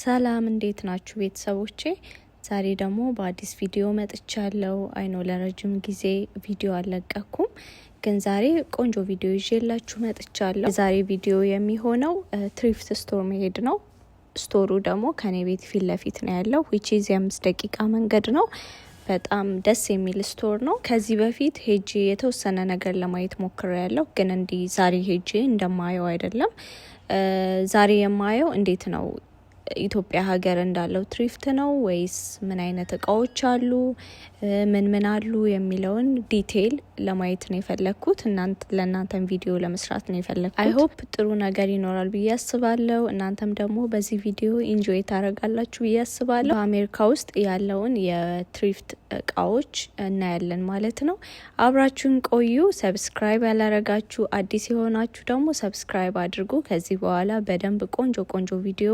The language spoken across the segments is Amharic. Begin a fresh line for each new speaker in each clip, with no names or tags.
ሰላም እንዴት ናችሁ ቤተሰቦቼ? ዛሬ ደግሞ በአዲስ ቪዲዮ መጥቻለሁ። አይኖ ለረጅም ጊዜ ቪዲዮ አልለቀኩም፣ ግን ዛሬ ቆንጆ ቪዲዮ ይዤላችሁ መጥቻለሁ። ዛሬ ቪዲዮ የሚሆነው ትሪፍት ስቶር መሄድ ነው። ስቶሩ ደግሞ ከኔ ቤት ፊት ለፊት ነው ያለው። ዊቺዝ የአምስት ደቂቃ መንገድ ነው። በጣም ደስ የሚል ስቶር ነው። ከዚህ በፊት ሄጂ የተወሰነ ነገር ለማየት ሞክሬ ያለው ግን እንዲህ ዛሬ ሄጂ እንደማየው አይደለም። ዛሬ የማየው እንዴት ነው ኢትዮጵያ ሀገር እንዳለው ትሪፍት ነው ወይስ ምን አይነት እቃዎች አሉ፣ ምን ምን አሉ የሚለውን ዲቴይል ለማየት ነው የፈለግኩት። ለእናንተም ቪዲዮ ለመስራት ነው የፈለግኩት። አይ ሆፕ ጥሩ ነገር ይኖራል ብዬ አስባለሁ። እናንተም ደግሞ በዚህ ቪዲዮ ኢንጆይ ታደርጋላችሁ ብዬ አስባለሁ። በአሜሪካ ውስጥ ያለውን የትሪፍት እቃዎች እናያለን ማለት ነው። አብራችሁን ቆዩ። ሰብስክራይብ ያላረጋችሁ አዲስ የሆናችሁ ደግሞ ሰብስክራይብ አድርጉ። ከዚህ በኋላ በደንብ ቆንጆ ቆንጆ ቪዲዮ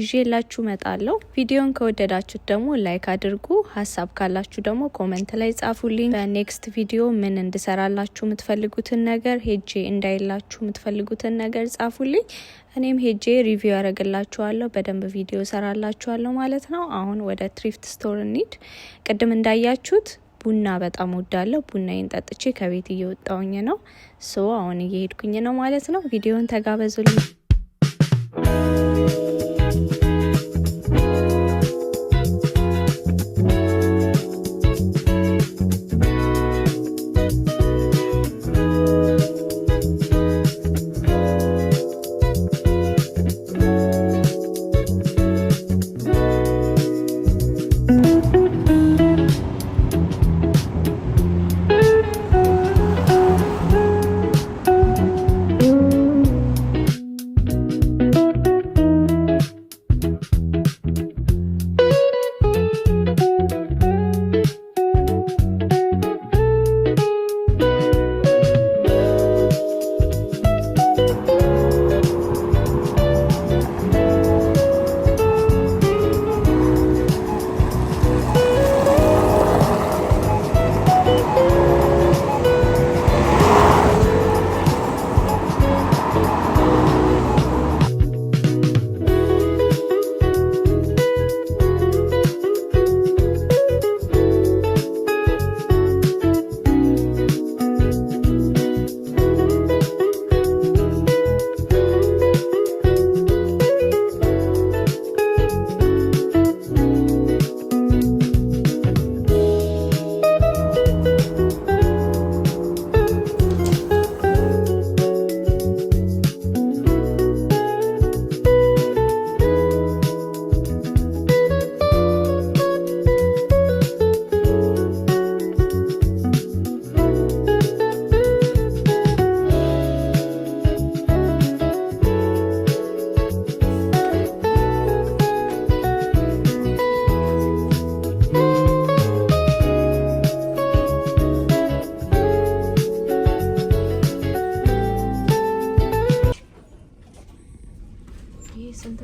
ይዤላችሁ መጣለሁ። ቪዲዮን ከወደዳችሁት ደግሞ ላይክ አድርጉ። ሀሳብ ካላችሁ ደግሞ ኮመንት ላይ ጻፉልኝ። በኔክስት ቪዲዮ ምን እንድሰራላችሁ የምትፈልጉትን ነገር ሄጄ እንዳይላችሁ የምትፈልጉትን ነገር ጻፉልኝ። እኔም ሄጄ ሪቪው ያደረግላችኋለሁ። በደንብ ቪዲዮ ሰራላችኋለሁ ማለት ነው። አሁን ወደ ትሪፍት ስቶር እንሂድ። ቅድም እንዳያችሁት ቡና በጣም ወዳለሁ። ቡናዬን ጠጥቼ ከቤት እየወጣውኝ ነው። ሶ አሁን እየሄድኩኝ ነው ማለት ነው። ቪዲዮን ተጋበዙልኝ።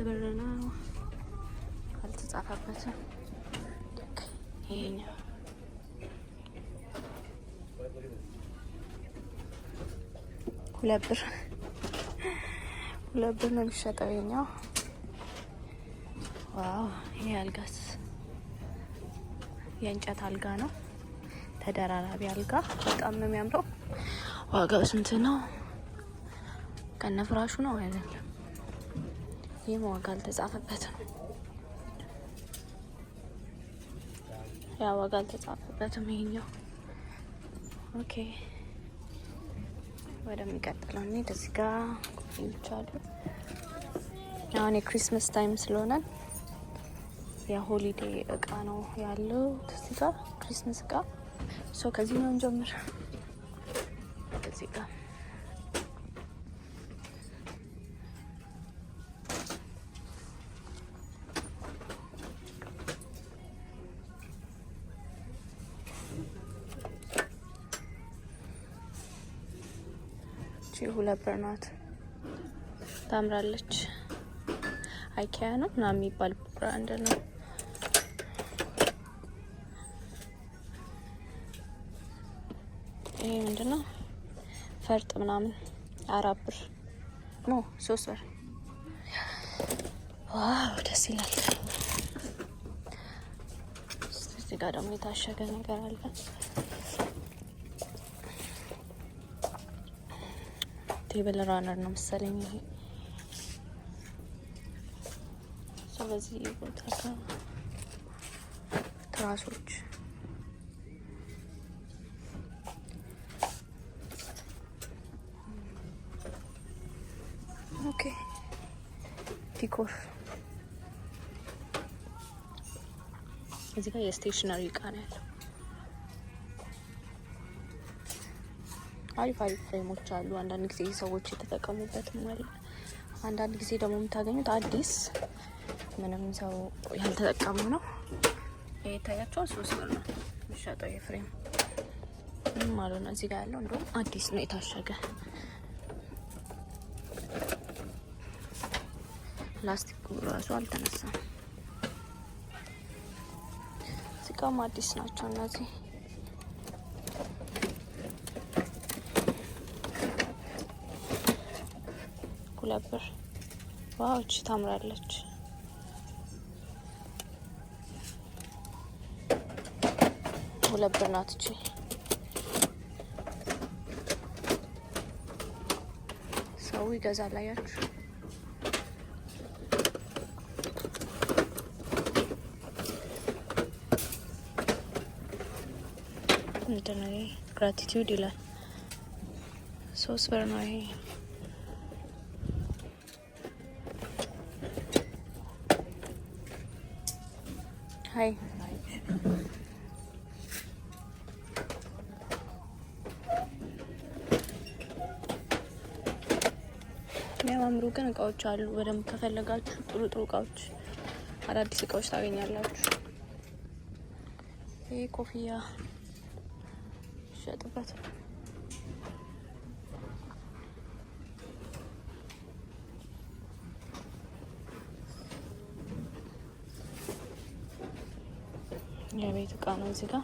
ብር ነው አልተጻፈበትም። ይሄኛው ሁለት ብር ሁለት ብር ነው የሚሸጠው ይሄኛው። ዋው ይሄ አልጋስ የእንጨት አልጋ ነው፣ ተደራራቢ አልጋ በጣም ነው የሚያምረው። ዋጋው ስንት ነው? ከነፍራሹ ነው አይደለም ይህም ዋጋ አልተጻፈበትም። ያ ዋጋ አልተጻፈበትም። ይሄኛው ኦኬ። ወደሚቀጥለው እኔ እዚህ ጋ ኮፍያዎች አሉ። አሁን የክሪስመስ ታይም ስለሆነ የሆሊዴ እቃ ነው ያለው። እዚህ ጋ ክሪስመስ እቃ ሶ ከዚህ ነው እንጀምር እዚህ ጋር ነበር ናት። ታምራለች። አይኪያ ነው ምናምን የሚባል ብራንድ ነው። ይሄ ምንድን ነው? ፈርጥ ምናምን አራት ብር ኖ ሶስት ብር። ዋው ደስ ይላል። እዚህ ጋር ደግሞ የታሸገ ነገር አለ። ቴብል ራነር ነው መሰለኝ ይሄ። በዚህ ቦታ ትራሶች ኦኬ ዲኮር እዚህ ጋር የስቴሽነሪ እቃ ነው ያለው። አሪፍ አሪፍ ፍሬሞች አሉ። አንዳንድ ጊዜ ሰዎች የተጠቀሙበትም አለ። አንዳንድ ጊዜ ደግሞ የምታገኙት አዲስ ምንም ሰው ያልተጠቀሙ ነው። የታያቸው ሶስት ብር ነው የሚሸጠው ይሄ ምንም አሉ ነው። እዚህ ጋር ያለው እንደውም አዲስ ነው የታሸገ ላስቲክ ራሱ አልተነሳም። እዚህ ጋርም አዲስ ናቸው እነዚህ ነበር። ዋው እቺ ታምራለች። ሁለት ብር ናት እቺ። ሰው ይገዛል አያችሁ። ምንድን ነው ይሄ? ግራቲቲዩድ ይላል። ሶስት ብር ነው ይሄ። ሀይ ግን እቃዎች አሉ። በደንብ ከፈለጋችሁ ጥሩ ጥሩ እቃዎች አዳዲስ እቃዎች ታገኛላችሁ። ይህ ኮፍያ ይሸጥበት የቤት እቃ ነው። እዚህ ጋር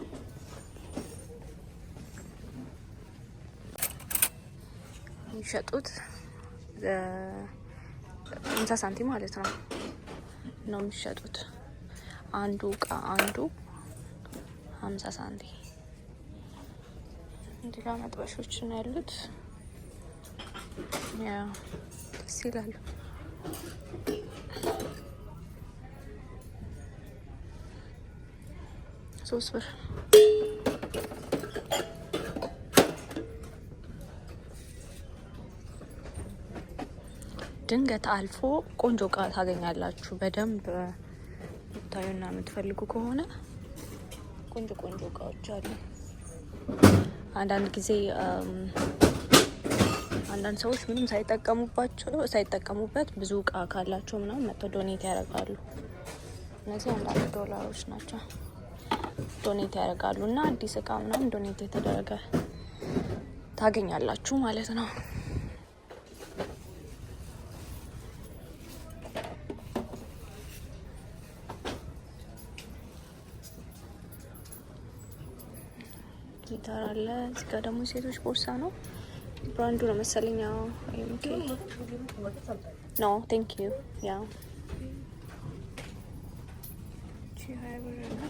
የሚሸጡት ሃምሳ ሳንቲም ማለት ነው ነው የሚሸጡት አንዱ እቃ አንዱ ሀምሳ ሳንቲም። እዚህ ጋር መጥበሾች ነው ያሉት። ያው ደስ ይላሉ። ሶስት ብር ድንገት አልፎ ቆንጆ እቃ ታገኛላችሁ። በደንብ ብታዩና የምትፈልጉ ከሆነ ቆንጆ ቆንጆ እቃዎች አሉ። አንዳንድ ጊዜ አንዳንድ ሰዎች ምንም ሳይጠቀሙባቸው ሳይጠቀሙበት ብዙ እቃ ካላቸው ምናምን መጥተው ዶኔት ያደርጋሉ። እነዚህ አንዳንድ ዶላሮች ናቸው። ዶኔት ያደርጋሉ እና አዲስ እቃ ምናምን ዶኔት የተደረገ ታገኛላችሁ ማለት ነው። ጊታር አለ። እዚጋ ደግሞ ሴቶች ቦርሳ ነው። ብራንዱ ነው መሰለኝ። ኖ ቴንክ ዩ ያ ሀያ ብር ነው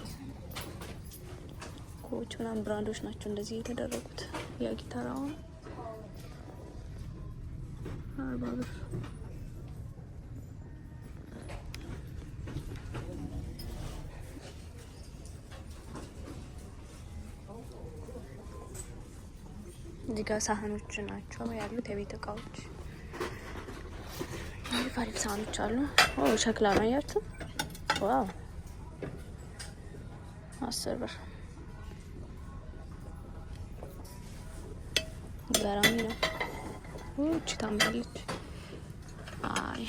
ኮች ምናምን ብራንዶች ናቸው እንደዚህ የተደረጉት። ያ ጊታራው አርባ ብር እዚህ ጋር ሳህኖች ናቸው ያሉት የቤት እቃዎች። አሪፍ ሳህኖች አሉ። ሸክላ ነው ያቱ ዋው አስር ብር ገራሚ ነው። ውጭ ታምራለች። አይ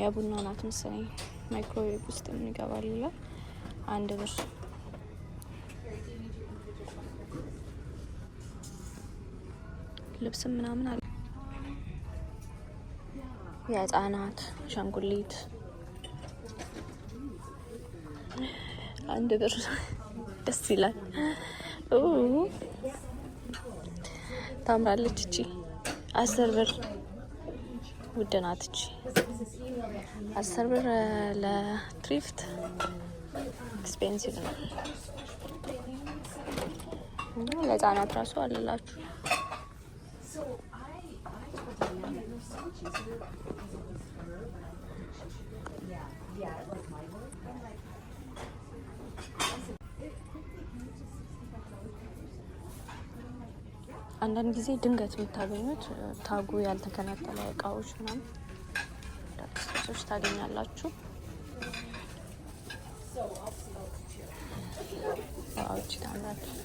የቡና ናት መሰለኝ። ማይክሮዌቭ ውስጥ ምን ይገባል ይላል። አንድ ብር ልብስ ምናምን አለ። የህፃናት አሻንጉሊት አንድ ብር ደስ ይላል። ታምራለች እቺ አስር ብር ውድ ናት። እቺ አስር ብር ለትሪፍት ኤክስፔንሲቭ ነው። ለህፃናት ራሱ አለላችሁ አንዳንድ ጊዜ ድንገት የምታገኙት ታጉ ያልተከነጠለ እቃዎች ምናምን ታገኛላችሁ። እቃዎች ታምራችሁ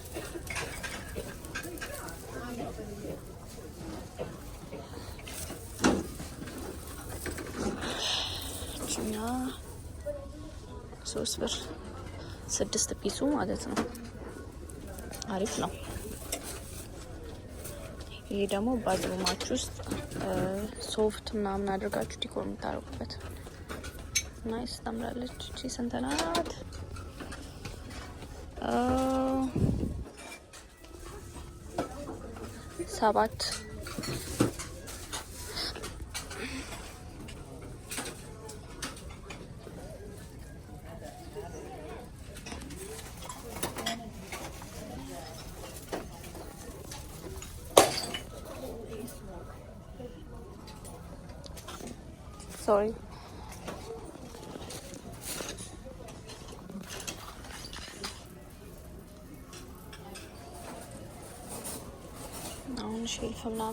እኛ ሶስት ብር ስድስት ፒሱ ማለት ነው። አሪፍ ነው። ይሄ ደግሞ ባዝሩማችሁ ውስጥ ሶፍት ምናምን አድርጋችሁ ዲኮር የምታደርጉበት ናይስ ታምራለች። እቺ ስንት ናት? ሰባት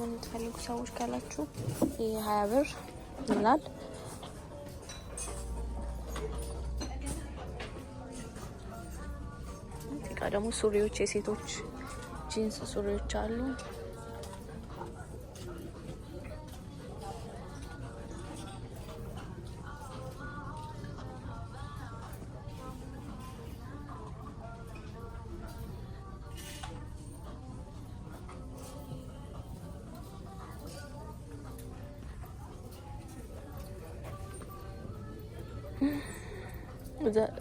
ምናምን የምትፈልጉ ሰዎች ካላችሁ ይሄ ሀያ ብር ይላል። እዚህ ጋ ደግሞ ሱሪዎች የሴቶች ጂንስ ሱሪዎች አሉ።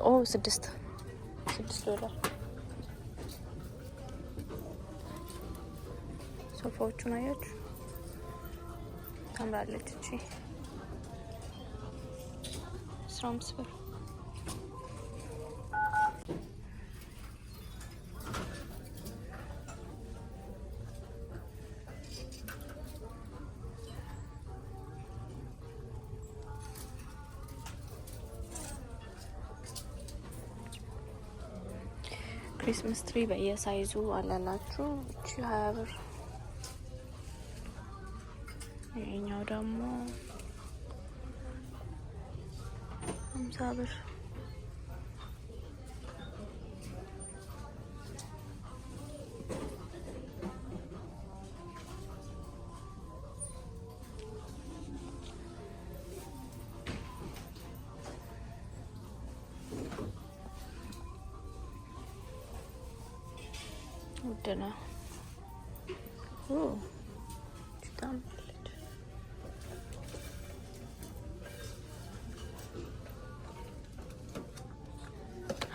Oh, 70. 70 dolar. ሶፋዎቹ ናያችሁ ታምራለች እቺ አስራ አምስት ብር ሚስትሪ በየሳይዙ አላላችሁ እቺ ሀያ ብር dinner. Oh, it's done.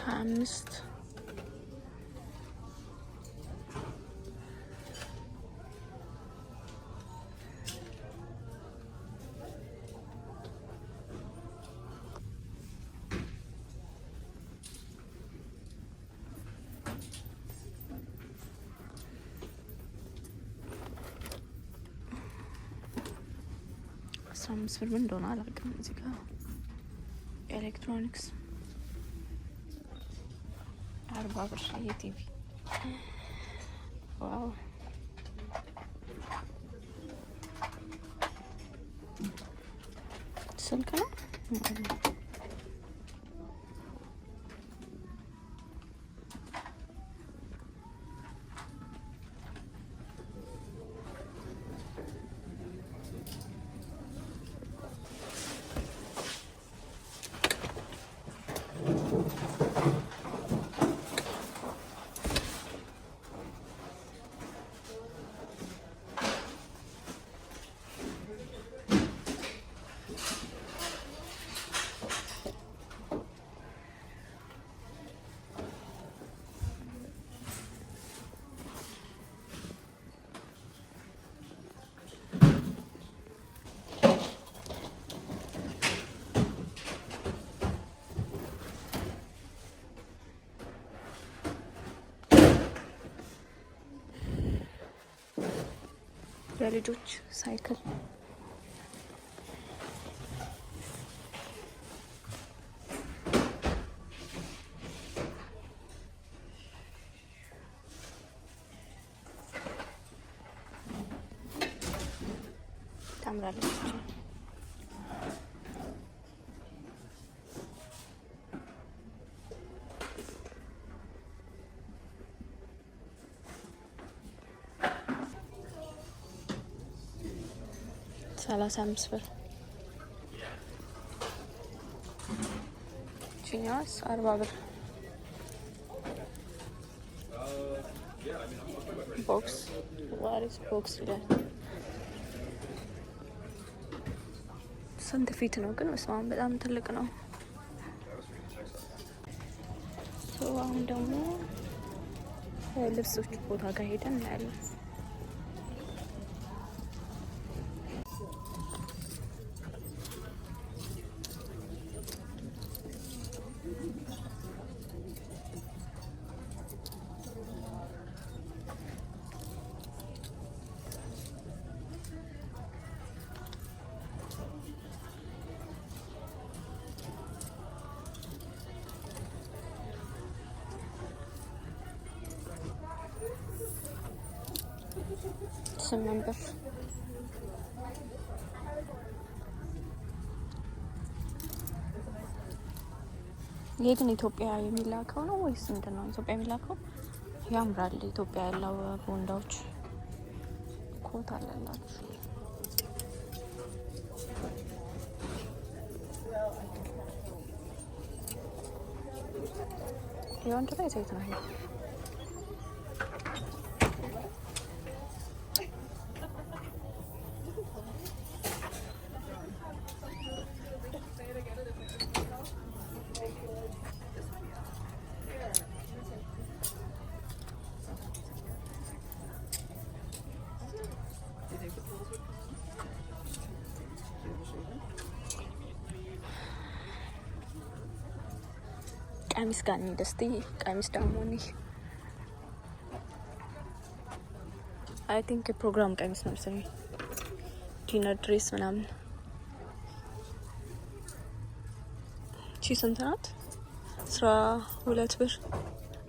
Hamst. አምስት ብር ምን እንደሆነ አላውቅም። እዚህ ጋ ኤሌክትሮኒክስ አርባ ብር የቲቪ ዋው የልጆች ሳይክል ሰላሳ አምስት ብር ችኛዋስ አርባ ብር ቦክስ ዋሪስ ቦክስ ይላል። ስንት ፊት ነው ግን? በስመ አብ በጣም ትልቅ ነው። አሁን ደግሞ ልብሶች ቦታ ጋር ሄደን እናያለን። awesome number. ይሄ ኢትዮጵያ የሚላከው ነው ወይስ ምንድን ነው? ኢትዮጵያ የሚላከው ያምራል። ኢትዮጵያ ያለው ቦንዳዎች ኮት አለላችሁ። የወንድ ላይ ዘይት ነው። ቀሚስ ጋር እንሂድ እስቲ። ቀሚስ ደግሞ እኒህ አይ ቲንክ የፕሮግራም ቀሚስ ነው መሰለኝ፣ ዲነር ድሬስ ምናምን። ቺ ስንት ናት? አስራ ሁለት ብር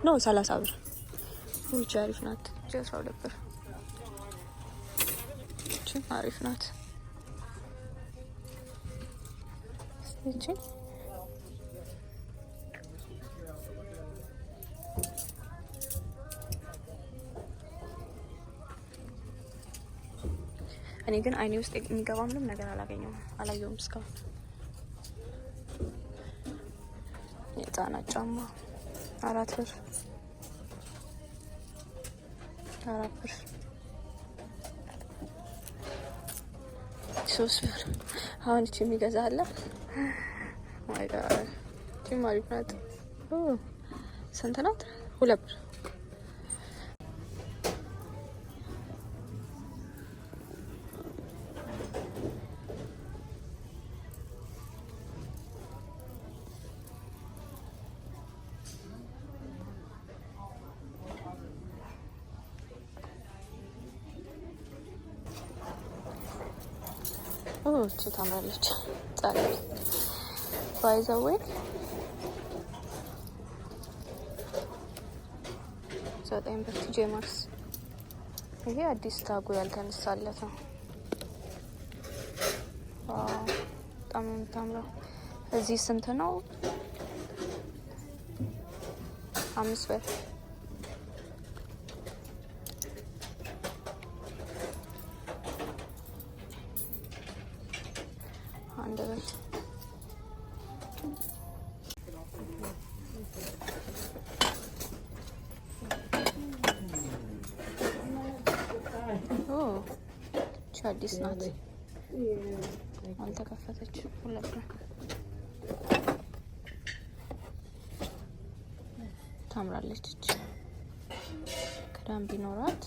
ኖ ሰላሳ ብር። ሁቺ አሪፍ ናት። ቺ አስራ ሁለት ብር። ቺ አሪፍ ናት። ቺ እኔ ግን አይኔ ውስጥ የሚገባ ምንም ነገር አላገኘም። አላየውም እስካሁን። የህፃናት ጫማ አራት ብር አራት ብር ሶስት ብር። አሁን እቺ የሚገዛ አለ ማይ ጋድ እቺ ስንት ናት? ሁለት ብር እቺ ታምራለች። ጻለ ዌይ ዘጠኝ ብር ጄማክስ። ይሄ አዲስ ታጉ ያልተነሳለት ነው። በጣም የምታምረው እዚህ ስንት ነው? አምስት ብር እንደበል አዲስ ናት፣ አልተከፈተች። ሁለት ታምራለች። ክዳን ቢኖራት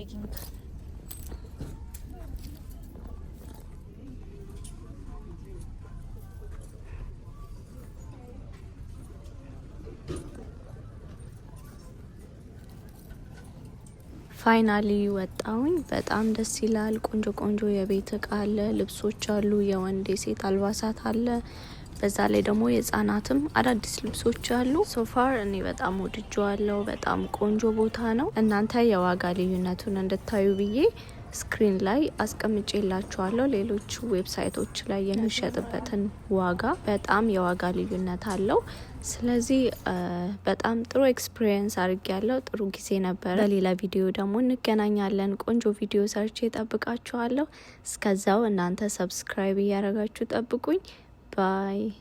ፈልግ ፋይናሊ ወጣውኝ። በጣም ደስ ይላል። ቆንጆ ቆንጆ የቤት እቃ አለ፣ ልብሶች አሉ፣ የወንድ የሴት አልባሳት አለ። በዛ ላይ ደግሞ የህጻናትም አዳዲስ ልብሶች አሉ። ሶፋር እኔ በጣም ወድጀዋለሁ። በጣም ቆንጆ ቦታ ነው። እናንተ የዋጋ ልዩነቱን እንድታዩ ብዬ ስክሪን ላይ አስቀምጬላችኋለሁ። ሌሎች ዌብሳይቶች ላይ የሚሸጥበትን ዋጋ በጣም የዋጋ ልዩነት አለው። ስለዚህ በጣም ጥሩ ኤክስፒሪየንስ አድርጌ ያለው ጥሩ ጊዜ ነበረ። በሌላ ቪዲዮ ደግሞ እንገናኛለን። ቆንጆ ቪዲዮ ሰርቼ ጠብቃችኋለሁ። እስከዛው እናንተ ሰብስክራይብ እያደረጋችሁ ጠብቁኝ። Bye.